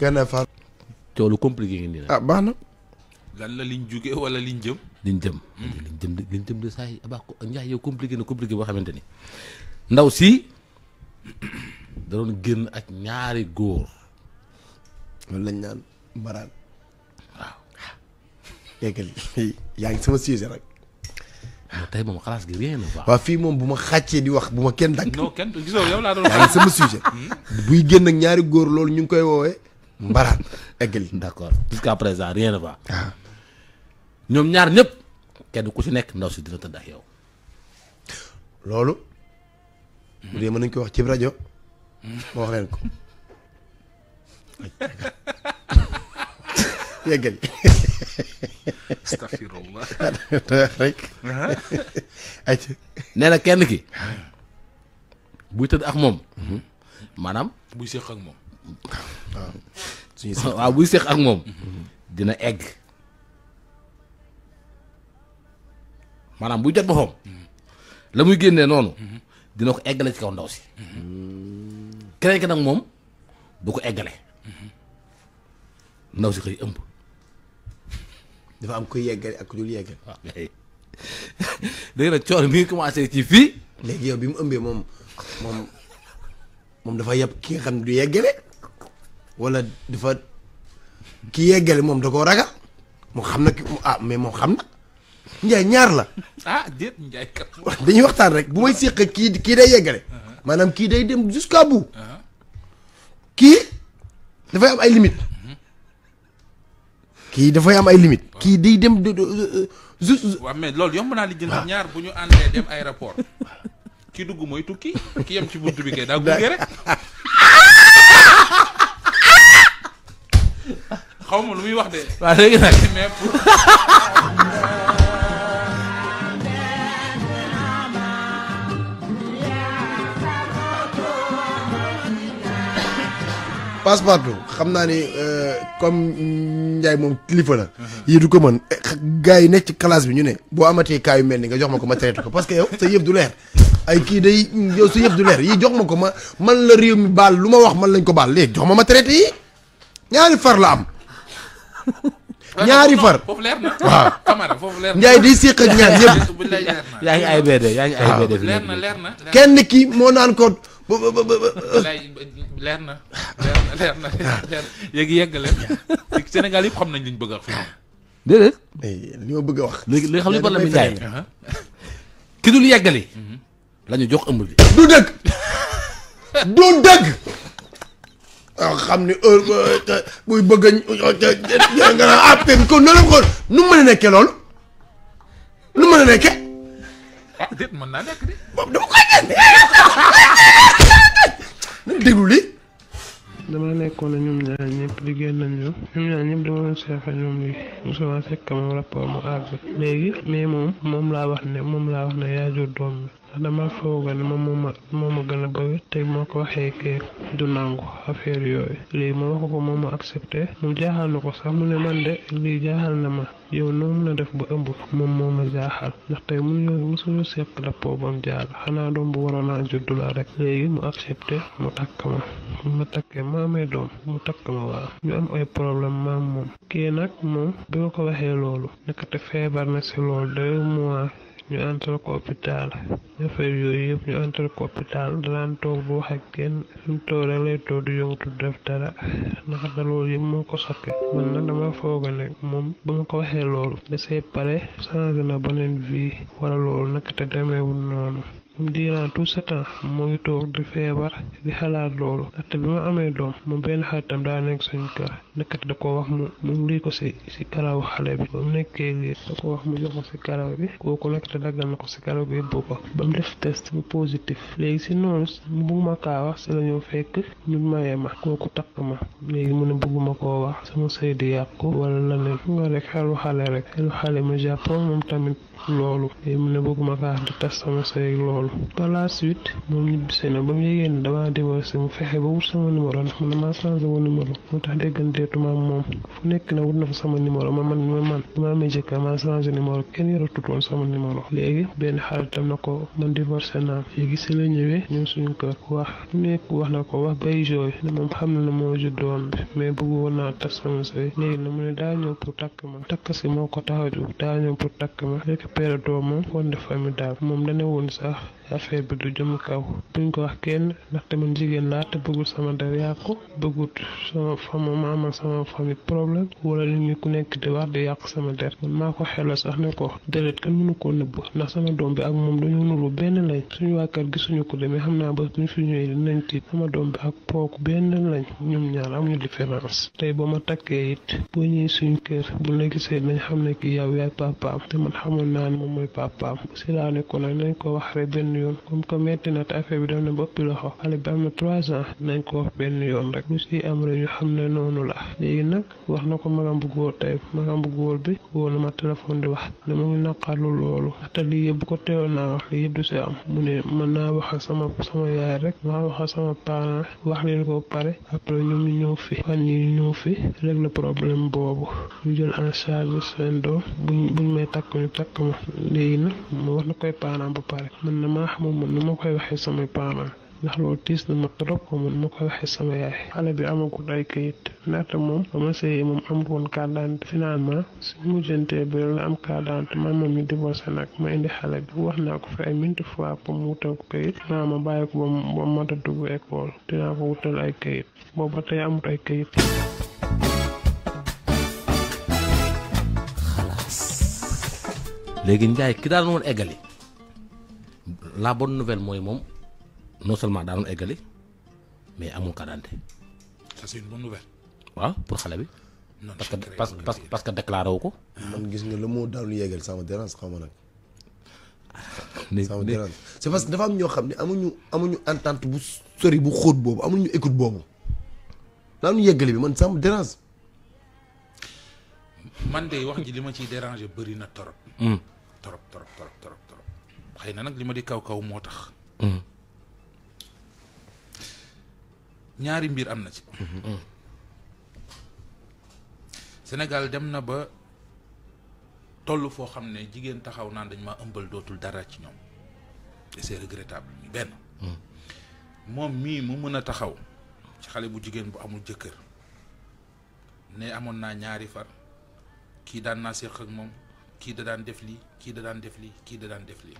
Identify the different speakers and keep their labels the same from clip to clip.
Speaker 1: Ganna Fall. coow compliqué ngeen nii ah baax na.
Speaker 2: lan la liñ jugee wala liñ jëm.
Speaker 1: liñ jëm. liñ jëm de liñ jëm de saa yi abaa Ndiaye yow compliqué na compliqué boo xamante ni ndaw si da doon génn ak ñaari góor.
Speaker 3: loolu lañ naan mbaraan. waaw. dégg yaa ngi sama sujet rek. tey moom xalaas gi rien ne fii moom bu ma xàccee di wax bu ma kenn dagg. non kenn
Speaker 4: gisoo yow laa doon wax sama sujet.
Speaker 3: buy génn ak ñaari góor loolu ñu ngi koy woowee. mbaraan eggali. d'accord jusqu'à présent rien ne va. Ah. ñoom ñaar ñépp kenn ku si nekk ndaw si dina tëdd ak yow. loolu. bu dee mën nañu koy wax ci rajo. ma ko. yeggali.
Speaker 1: nee na kenn gi buy tëdd ak moom. maanaam.
Speaker 2: buy seex ak moom. waaw buy seex ak moom.
Speaker 1: dina egg. maanaam buy jot boppam. la muy génnee noonu. dina ko eggale ci kaw ndaw si. keneen ki nag moom bu ko eggale. ndaw si koy ëmb. dafa am kuy yeggal ak ku dul
Speaker 3: yeggal. waaw ah. léegi nag coono mi ngi commencé ci fii. léegi bi mu ambee moom moom moom dafa yab kii nga xam ne du yeggale wala dafa kii yeggale moom da koo ragal mu xam na ki ah mais moom xam na. Ndiaye ñaar la. ah déet Ndiaye kat. dañuy waxtaan rek bu may séq kii kii day yeggale. Uh-huh. maanaam kii day dem jusqu'à bout. Uh-huh. kii dafay am ay limites. kii dafay am ay limite kii day dem
Speaker 2: juste. waaw mais loolu yomb naa li jënd ñaar bu ñu àndee dem aéroport ki dugg mooy tukki ki yem ci buntu bi kay daa gunge rek. xaw ma lu muy wax de. waaw léegi nag.
Speaker 3: Passepartout xam naa ni euh, comme njaay moom kilifa la. yi du ko mën eh, gars yi nekk ci classe bi ñu ne boo amatee cas yu mel ni nga jox ma ko ma traité ko parce que yow sa yëf du leer ay kii day yow sa yëf du leer yi jox ma ko ma man la réew mi baal lu ma wax man lañ ko baal léegi jox ma ma traité yi ñaari far la am. ñaari far foofu leer na waaw Camara foofu leer na Ndiaye ak ñaar ñëpp. yaa ngi ay yaa ngi ay na kenn ki moo naan ko. ba ba ba ba.
Speaker 2: leer na leer na leer na léegi yeggale Sénégal yëpp xam nañ li ñu bëgg a wax fii.
Speaker 3: déedéet. li ma bëgg
Speaker 1: a wax. léegi li xam ne par la mi jaay ki dul yeggali. Mhm. la ñu jox ëmb bi.
Speaker 3: du dëgg du dëgg. waaw ah, xam ni heure buy bëgg a nga naan ah ko noonu la ko nu mu mën a nekkee loolu
Speaker 4: nu mu mën a nekkee. Ah, déet mën dama nekkoon ne ñoom ñaar ñëpp liggéey nañu ñoom ñaar ñëpp dama doon seexal ñoom lii Moussa Seck moom rapport mu àgg léegi mais moom moom laa wax ne moom laa wax ne yaa jur doom bi. dama foogoon ne moom moo ma gën a bëgg te moo ko waxee kee du nangu affaire yooyu léegi ma wax ko moom ma accepté mu jaaxal na ko sax mu ne man de lii jaaxal na ma yow noonu la def ba ëmb moom moo ma jaaxal ndax tey mun ñoo mosuñu seq rapport bam jaal xanaa doom bu waroon a juddu la rek léegi mu accepté mu takk ma ma takkee ma amee doom mu takk ma waaw ñu am ay problème maam moom kii nag moom bi ma ko waxee loolu nekkate feebar na si loolu deux ñu antal ko hôpital affaire yooyu yëpp ñu antal ko hôpital danaan toog bu wax ak kenn fi mu toog rek lay toog di yëngatu def dara ndax da loolu yëpp moo ko sakke man nag dama fooga ne moom ba ko waxee loolu da see pare changé na beneen vie wala loolu nag te demeewul noonu durant tout ce temps moo ngi toog di feebar di xalaat loolu ndaxte bi ma amee doom moom benn xaritam daa nekk suñu kër nekkat da ko wax mu mu lii ko si si karaw xale bi ba mu nekkee lii da ko wax mu jox ko si karaw bi kooku nekkate daggal na ko si karaw bi yóbbu ko ba mu def test bu positif léegi si noonu bugguma kaa wax si la ñu fekk ñu maye ma kooku takk ma léegi mu ne bugguma koo wax sama sëy di ko wala la ne rek xelu xale rek mu jàppoon moom tamit loolu loolu par la suite moom ñu na ba mu yëgee ne damaa divorcé mu fexe ba wut sama numéro ndax man damaa changé woon numéro moo tax dégganteetuma moom fu nekk na wut na fa sama numéro ma man ma man ma amee jëkkër ma changé numéro kenn yoratut woon sama numéro léegi benn xaritam na ko man divorcé naa léegi si la ñëwee ñun suñu kër wax nekk wax na ko wax bay jooy ne moom xam na ne moo juddoon bi mais bëgg woon naa tas sama sëy léegi na mu ne daa ñëw pour takk ma takk si moo ko tax a jóg daa ñëw pour takk ma récupéré doomam woon famille daal woon sax affaire bi du jëm kaw duñ ko wax kenn te man jigéen laa te bëggul sama der yàqu bëggut sama fama maamal sama famille problème wala li ñu ku nekk di wax di yàq sama der man maa ko xelal sax ne ko déedéet kan mënu koo nëbb ndax sama doom bi ak moom dañoo nuru benn lañ suñu waa kër gisuñu ko demee xam naa ba buñ fi ñëwee dinañ tiit sama doom bi ak pooku benn lañ ñoom ñaar amuñu différence tey boo ma takkee it boo ñëwee suñu kër bu la gisee dañ xam ne ki yow yaay papaam te mooy papaam yoon comme que metti na te affaire bi dem na boppi loxo xale bi am na trois ans nañ ko wax benn yoon rek lu si am rek ñu xam ne noonu la léegi nag wax na ko magam bu góor tey magam bu góor bi woo na ma téléphone di wax ne ma ngi te lii yëpp bu ko teewoon naa wax lii du si am mu ne mën naa wax ak sama sama yaay rek maa wax ak sama parent wax leen ko pare après ñoom ñu ñëw fi fan yi ñëw fi régler problème boobu ñu jël en charge seen buñ may takk ñu takk ma léegi nag ma wax na koy parent bu pare mën na maa ndax nu ma koy waxee samay parents ndax loolu tiis na ma trop ko ma koy waxee sama yaay xale bi amagut ay kayit ndaxte moom ba ma sëyee moom amut woon carte d'identité finalement su mujjantee bi la am carte d'identité maamam ñu divorcé nag ma indi xale bi wax naa ko fi ay minti fois pour mu wutal ko kayit naa ma bàyyi ko ba ba mata dugg école dinaa ko wutal ay kayit booba tey amut ay kayit
Speaker 1: léegi Ndiaye ki daal woon eggali la bonne nouvelle mooy moom non seulement daanoon eggali mais amul
Speaker 2: kàddante. ça c'est une bonne nouvelle.
Speaker 1: waaw pour xale bi. parce que parce parce parce que déclaré wu ko.
Speaker 3: man gis nga le mot daanu Ça me dérange xaw ma nag. dérange c'est parce que dafa am ñoo xam ne amuñu amuñu entente bu sori bu xóot boobu amuñu écoute boobu daanu yeggali bi man sama dérange.
Speaker 2: man de wax ji li ma ciy déranger bëri na hmm. torop. torop torop torop torop. xëy na nag li ma di kaw kaw moo tax. Mm. ñaari mbir am na ci. Mm-hmm. Mm. Sénégal dem na ba toll foo xam ne jigéen taxaw naan dañ ma ëmbal dootul dara ci ñoom et c'est regrettable benn. Mm. moom mii mu mën a taxaw ci xale bu jigéen bu amul jëkkër ne amoon naa ñaari far kii daan naa séq ak moom kii da daan def lii kii da daan def li kii da daan def lii.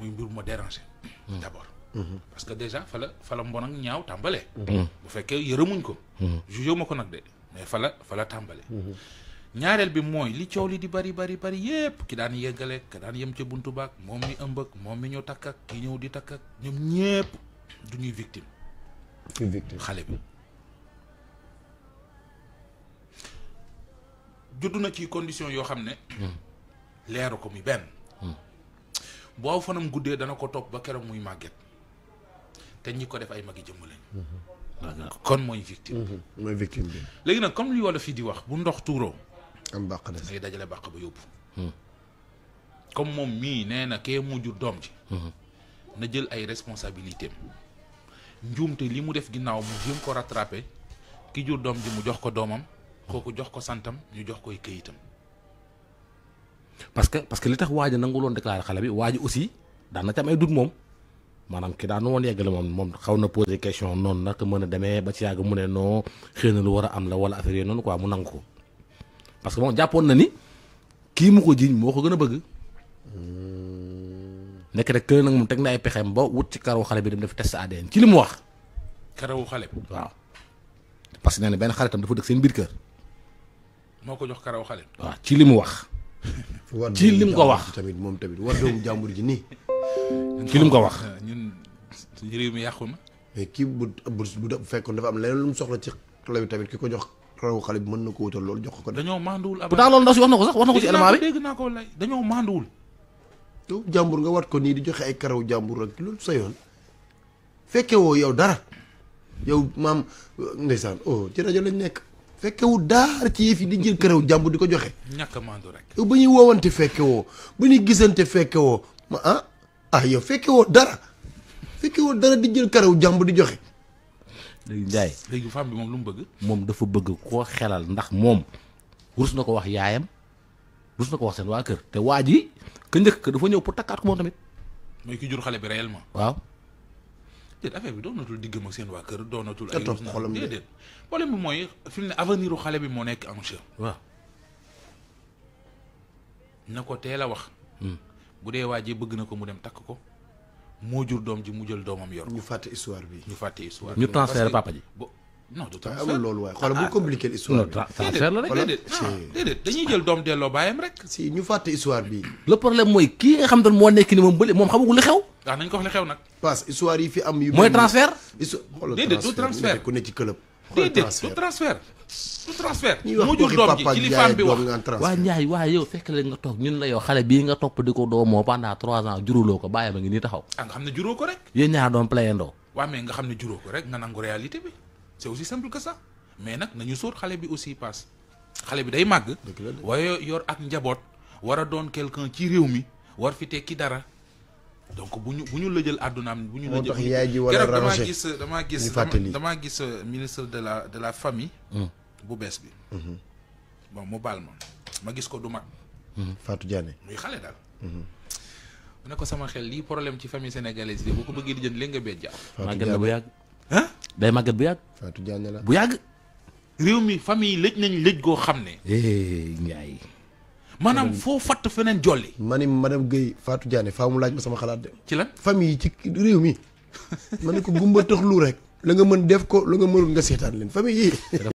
Speaker 2: muy mbir ma déranger hmm. d'abord hmm. parce que déjà fala fala fa mbon ak ñaaw tambalé hmm. bu féké yërëmuñ ko jugé mako nak nag mais fala fala tambalé ñaarel bi moy li ciow li di bari bari bari yépp ki daan yeggale ki daan yem ci buntu baak mom mi ëmb ak moom mi ñu tak ak ki ñëw di tak ak ñom ñépp du victime victime xalé bi judduna ci condition yo xamné ne ko mi benn boo fanam guddee dana ko topp ba keroog muy màgget te ñi ko def ay magi jëmm lañ kon mooy victime bi mhm. mooy victime bi léegi nag comme li wala fii di wax bu ndox tuuroo am bàq des ngay dajale bàq ba yóbbu hmm. comme moom mii nee na kee mu jur doom ji hmm. na jël ay responsabilités njuumte li mu def ginnaaw mu jéem ko rattrapé ki jur doom ji mu jox ko doomam kooku jox ko santam ñu jox koy këyitam
Speaker 1: parce que parce que li tax waji nangu loon déclaré xale bi waji aussi da na ci am ay doute mom manam ki da no won yegal mom mom xawna poser question non nak meuna démé ba ci yag mune non xëy lu wara am la wala affaire non quoi mu nang ko parce que moom japon na ni ki mu ko jiiñ moko gëna bëgg nek rek kële nak mom tek na ay pexem ba wut ci karaw xalé bi dem def test ADN ci limu wax
Speaker 2: karaw xalé bi waaw
Speaker 1: parce que nee xaritam dafa dëkk seen biir kër
Speaker 2: moko jox karaw xalé waaw ci limu wax ci lim ko
Speaker 3: wax tamit moom tamit war doomu jàmbur ji nii.
Speaker 2: ci lim ko wax
Speaker 3: ñun suñu réew mi yàqu na. mais kii bu bu bu fekkoon dafa am leneen lu mu soxla ci xale bi tamit ki ko jox raw xale bi mën na ko wutal loolu jox ko.
Speaker 2: dañoo manduwul
Speaker 3: ab. pourtant loolu ndaw si wax na ko sax wax na ko ci élément bi dégg naa ko lay dañoo manduwul. yow jàmbur nga wat ko nii di joxe ay karaw jàmbur rek loolu sa yoon fekkee woo yow dara yow maam ndeysaan oh ci rajo lañ nekk. fekkewu daar ci yëf yi di jël këraw jàmbu di ko joxe.
Speaker 2: ñàkk rek.
Speaker 3: ba ñuy woowante fekke woo ba ñuy gisante fekke woo ma ah ah yow fekke woo dara fekke woo dara di jël karewu jàmb di joxe.
Speaker 2: Ndiaye léegi fam bi
Speaker 1: moom lu mu bëgg. moom dafa bëgg koo xelal ndax moom rus na ko wax yaayam rus na ko wax seen waa kër te waa ji ka njëkk ka dafa ñëw pour takkaat ko moom tamit.
Speaker 2: mooy ki jur xale bi réellement. waaw. déet affaire bi doonatul diggam ak seen waa kër doonatul. ay ruus na déedéet problème bi mooy fi mu ne avenir xale bi moo nekk en jeu. na ko teel a wax. Hmm. bu dee waa ji bëgg na ko mu dem takk ko moo jur doom ji mu jël doomam yor. ñu fàtte histoire bi ñu fàtte histoire bi. ñu transféré papa ji. non du transfert amul loolu waaye xoolal bu ñu ah, compliqué l'histoire bi. transfert la
Speaker 3: ah,
Speaker 1: bi. mooy kii xam ne moo nekk ni moom bële ah,
Speaker 3: am yu. mooy transfert. déedéet du transfert ku ne ci club.
Speaker 1: déedéet
Speaker 2: du transfert. du transfert mu jur doom ji li femme bi wax
Speaker 3: waa
Speaker 1: Ndiaye waa yow fekk la nga toog ñun la yow xale bii nga topp di ko doomoo pendant trois ans juruloo ko bàyyi ma ngi nii taxaw. ah nga
Speaker 2: xam ne juróo ko rek.
Speaker 1: yéen ñaar doon playandoo.
Speaker 2: waaw mais nga xam ne juróo ko rek nga nangu réalité bi c'est aussi simple que sax mais nag nañu sóor xale bi aussi paas xale bi day màgg. waaye yor ak njaboot war a doon quelqu'un ci réew mi war fi tekki dara. donc bu ñu bu ñu la jël àddunaam bu ñu la jël yaay ji wala damaa gis damaa gis damaa gis euh, ministre de la de la famille. bu bees bi. bon mu baal ma ma gis ko du mag.
Speaker 3: Fatou Diané
Speaker 1: muy xale daal.
Speaker 2: mu ne ko sama xel lii problème ci famille sénégalaise bi boo ko bëggee di jënd léegi nga bee jàpp. Fatou Diané bu yàgg
Speaker 1: day màggat bu yàgg.
Speaker 2: Fatou Diagne la bu
Speaker 3: yàgg. réew mi fami yi lëj nañ lëj goo xam ne.
Speaker 1: Eh,
Speaker 3: Ndiaye. maanaam foo fatt feneen jolli. ma ni madame faatu Fatou Diagne mu laaj ma sama xalaat de. ci lan famille yi
Speaker 2: ci réew mi ma ne ko gumba tax lu rek. la nga mën def ko lu nga mënul nga seetaan leen fami yi.